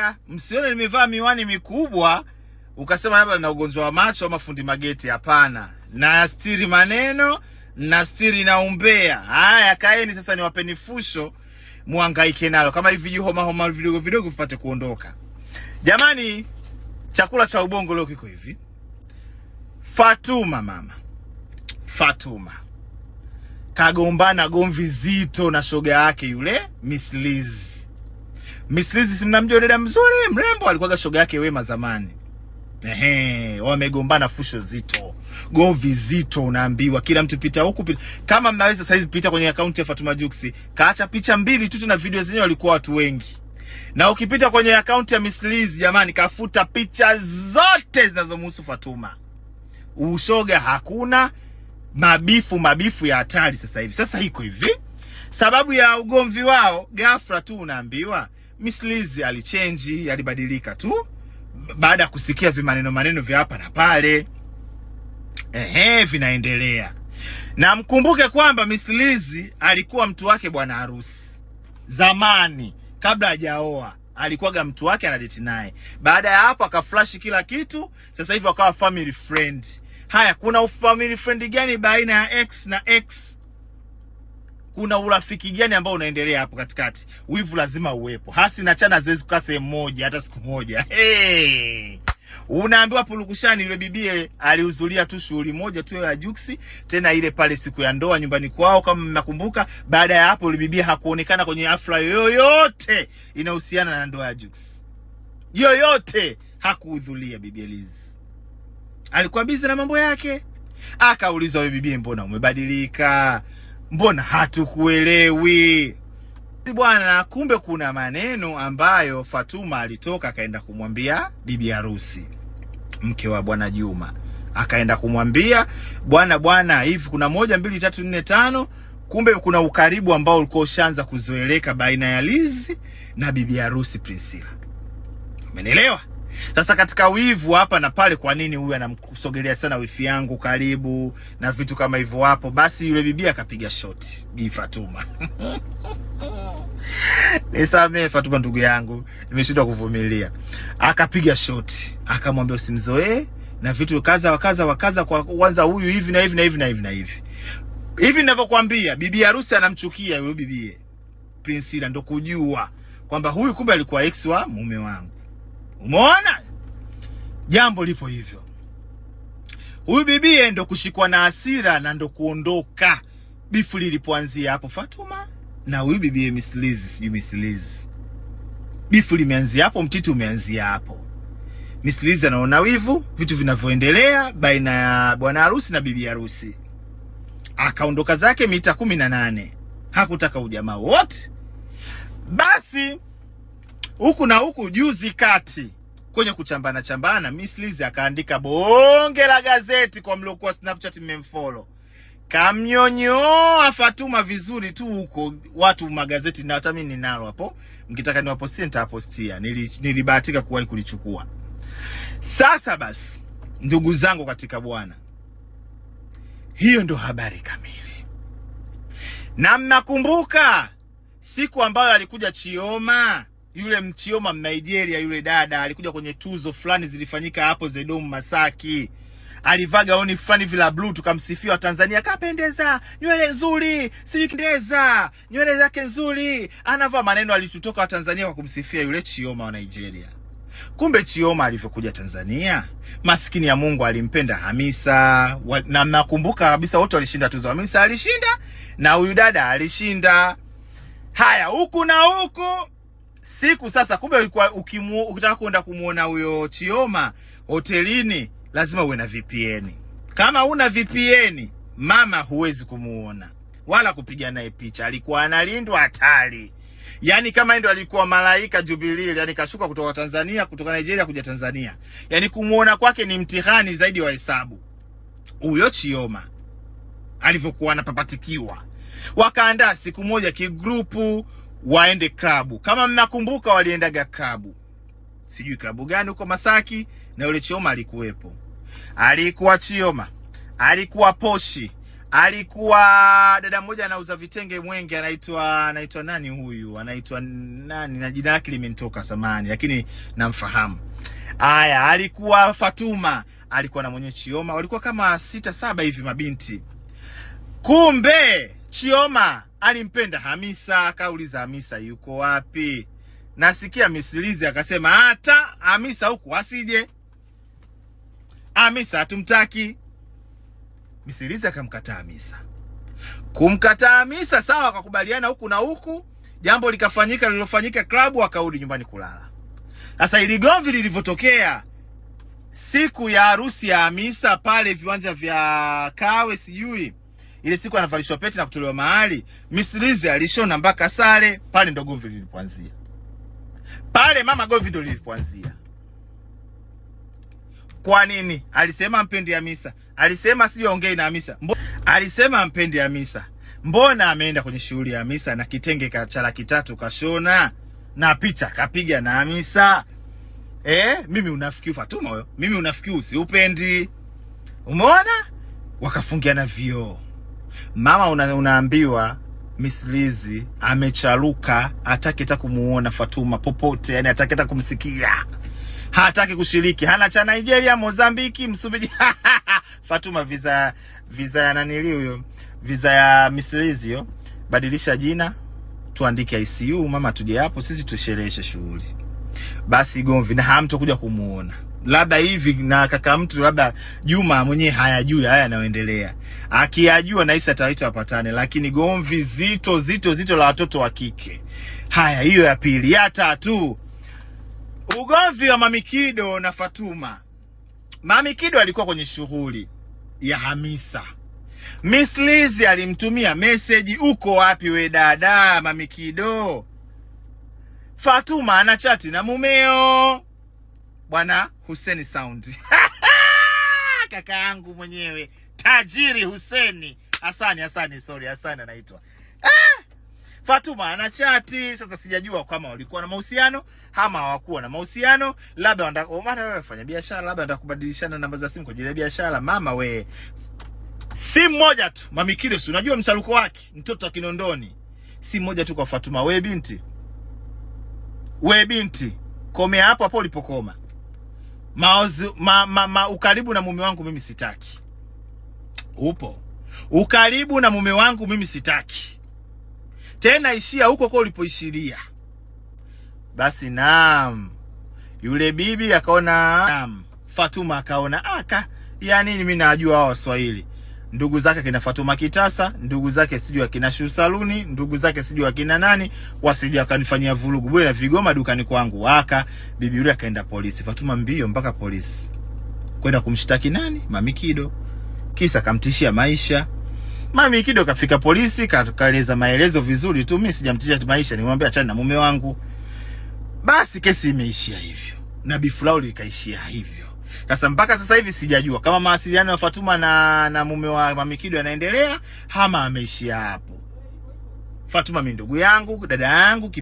haraka, msione nimevaa miwani mikubwa ukasema labda na ugonjwa wa macho ama fundi mageti. Hapana, nastiri maneno, nastiri na umbea. Haya, kaeni sasa, niwapeni fusho mwangaike nalo, kama hivi homa homa vidogo vidogo vipate kuondoka. Jamani, chakula cha ubongo leo kiko hivi. Fatuma mama Fatuma kagombana gomvi zito na shoga yake yule Miss Liz Mislizi simnamjua mzuri mrembo, alikuwaga shoga yake Wema zamani. Ehe, wamegombana fusho zito, govi zito, unaambiwa kila mtu pita huku pita. Kama mnaweza sasa hivi pita kwenye akaunti ya Fatuma Jux, kaacha picha mbili tu na video zenyewe, walikuwa watu wengi. Na ukipita kwenye akaunti ya Mislizi, jamani, kafuta picha zote zinazomhusu Fatuma. Ushoga hakuna, mabifu mabifu ya hatari sasa hivi. Sasa iko hivi, sababu ya ugomvi wao ghafla tu unaambiwa Miss Liz alichenji, alibadilika tu baada ya kusikia vimaneno maneno vya hapa na pale. Ehe, vinaendelea na mkumbuke kwamba Miss Liz alikuwa mtu wake bwana harusi zamani, kabla hajaoa alikuwaga mtu wake anadeti naye. Baada ya hapo akaflash kila kitu, sasa hivi wakawa family friend. Haya, kuna family friend gani baina ya X na ex? kuna urafiki gani ambao unaendelea hapo katikati? Wivu lazima uwepo. Hasi na Chana haziwezi kukaa sehemu moja hata siku moja. Hey! Unaambiwa purukushani, yule bibie alihudhuria tu shughuli moja tu ya Juksi, tena ile pale siku ya ndoa nyumbani kwao, kama mnakumbuka. Baada ya hapo, yule bibie hakuonekana kwenye hafla yoyote inahusiana na ndoa ya Juksi, yoyote hakuhudhuria. Bibie Liz alikuwa bizi na mambo yake. Akaulizwa, wewe bibie, mbona umebadilika? mbona hatukuelewi? Bwana, kumbe kuna maneno ambayo Fatuma alitoka akaenda kumwambia bibi harusi mke wa bwana Juma, akaenda kumwambia bwana, bwana, hivi kuna moja mbili tatu nne tano. Kumbe kuna ukaribu ambao ulikuwa ushaanza kuzoeleka baina ya Lizi na bibi harusi Priscilla. Umenielewa? Sasa katika wivu hapa na pale, kwa nini huyu anamsogelea sana wifi yangu karibu na vitu kama hivyo hapo? Basi yule bibi akapiga shot Bi Fatuma. Nisamee Fatuma ndugu yangu, nimeshindwa kuvumilia. Akapiga shot, akamwambia usimzoee na vitu kaza wakaza wakaza, kwa kwanza huyu hivi na hivi na hivi na hivi na hivi hivi ninavyokuambia, bibi harusi anamchukia yule bibi Prinsila, ndo kujua kwamba huyu kumbe alikuwa ex wa mume wangu. Umeona jambo lipo hivyo. Huyu bibie ndo kushikwa na hasira na ndo kuondoka bifu lilipoanzia hapo Fatuma na huyu bibie misilizi, sijui misilizi. Bifu limeanzia hapo, mtiti umeanzia hapo. Misilizi anaona wivu vitu vinavyoendelea baina ya bwana harusi na bibi harusi, akaondoka zake mita kumi na nane hakutaka ujamaa wote basi huku na huku. Juzi kati kwenye kuchambana chambana, Miss Liz akaandika bonge la gazeti kwa mliokuwa Snapchat mmemfollow kamnyonyoa Fatuma vizuri tu huko, watu magazeti na hata mimi ninalo hapo, mkitaka niwapostie nitawapostia. Nilibahatika kuwahi kulichukua. Sasa basi, ndugu zangu katika Bwana, hiyo ndo habari kamili, na mnakumbuka siku ambayo alikuja Chioma yule Mchioma Mnigeria, yule dada alikuja kwenye tuzo fulani zilifanyika hapo Zedomu Masaki, alivaa gauni fulani vila bluu, tukamsifia wa Tanzania, kapendeza, nywele nzuri, sijui nywele zake nzuri, anavaa maneno. Alitutoka Tanzania kwa kumsifia yule Chioma wa Nigeria. Kumbe Chioma alivyokuja Tanzania, maskini ya Mungu alimpenda Hamisa wa, na nakumbuka kabisa wote walishinda tuzo. Hamisa alishinda na huyu dada alishinda. Haya, huku na huku siku sasa. Kumbe ulikuwa ukitaka kwenda kumuona huyo Chioma hotelini, lazima uwe na VPN. Kama una VPN mama, huwezi kumuona wala kupiga naye picha. Alikuwa analindwa hatari, yaani kama ndio alikuwa malaika Jubilee, yani kashuka kutoka Tanzania, kutoka Nigeria kuja Tanzania. yaani kumuona kwake ni mtihani zaidi wa hesabu. Huyo Chioma alivyokuwa anapapatikiwa, wakaandaa siku moja kigrupu waende klabu. Kama mnakumbuka, waliendaga klabu, sijui klabu gani huko Masaki, na yule Chioma alikuwepo. Alikuwa Chioma, alikuwa Poshi, alikuwa dada mmoja anauza vitenge Mwenge, anaitwa anaitwa nani huyu, anaitwa nani, na jina lake limenitoka samani, lakini namfahamu. Aya, alikuwa Fatuma, alikuwa na mwenye Chioma, walikuwa kama sita saba hivi mabinti kumbe Chioma alimpenda Hamisa, akauliza Hamisa yuko wapi? Nasikia Misilizi akasema hata Hamisa huku asije, Hamisa hatumtaki. Misilizi akamkataa Hamisa. Kumkataa Hamisa sawa, akakubaliana huku na huku, jambo likafanyika lilofanyika klabu, akarudi nyumbani kulala. Sasa ili gomvi lilivyotokea siku ya harusi ya Hamisa pale viwanja vya Kawe sijui ile siku anavalishwa pete na kutolewa mahali, misilizi alishona mpaka sare pale, ndo govi lilipoanzia pale, mama govi ndo lilipoanzia. Kwa nini alisema mpendi Hamisa? Alisema si ongei na Hamisa, alisema mpendi Hamisa. Mbona ameenda kwenye shughuli ya Hamisa na kitenge cha laki tatu kashona na picha kapiga na Hamisa? Eh, mimi unafikiri Fatuma huyo, mimi unafikiri usiupendi? Umeona, wakafungiana vioo mama una, unaambiwa mislizi amecharuka, hataki hata kumuona Fatuma popote, yani hataki hata kumsikia, hataki kushiriki, hana cha Nigeria, Mozambiki, Msumbiji Fatuma visa visa ya nanili huyo, visa ya mislizi yo, badilisha jina tuandike ICU, mama tuje hapo sisi tushereheshe shughuli, basi gomvi na hamtokuja kumuona labda hivi na kaka mtu labda Juma mwenyewe hayajui haya yanayoendelea. Akiyajua na Isa atawaita wapatane, lakini gomvi zito zito zito la watoto wa kike. Haya, hiyo ya pili. Ya tatu, ugomvi wa Mamikido na Fatuma. Mamikido alikuwa kwenye shughuli ya Hamisa. Miss Liz alimtumia meseji, uko wapi we dada Mamikido? Fatuma ana chati na mumeo Bwana Huseni Sound kaka yangu mwenyewe tajiri Huseni Hasani, Hasani sorry, Hasani anaitwa ah! Fatuma ana chati sasa. Sijajua kama walikuwa na mahusiano ama hawakuwa na mahusiano, labda wanda oh, wewe fanya biashara, labda wanda kubadilishana namba za simu kwa ajili ya biashara. Mama we, simu moja tu Mami Kiles, unajua msaluko wake mtoto wa Kinondoni. Simu moja tu kwa Fatuma. We binti, we binti, komea hapo hapo ulipokoma maozi, ma, ma, ma, ukaribu na mume wangu mimi sitaki. Upo ukaribu na mume wangu mimi sitaki tena, ishia huko kwa ulipoishiria. Basi naam, yule bibi akaona, naam, Fatuma akaona aka, ah, yani mimi najua hao Waswahili ndugu zake akina Fatuma Kitasa, ndugu zake sijui akina Shu Saluni, ndugu zake sijui akina nani, wasije akanifanyia vurugu bwana, vigoma dukani kwangu waka. Bibi yule akaenda polisi, Fatuma mbio mpaka polisi kwenda kumshtaki nani, Mami Kido, kisa kamtishia maisha. Mami Kido kafika polisi, kaeleza maelezo vizuri tu, mimi sijamtishia maisha, nimwambia achana na mume wangu. Basi kesi imeishia hivyo na bifulauli ikaishia hivyo. Sasa mpaka sasa hivi sijajua kama mawasiliano ya Fatuma na, na mume wa Mamikido yanaendelea ama ameishia hapo. Fatuma mi ndugu yangu, dada yangu.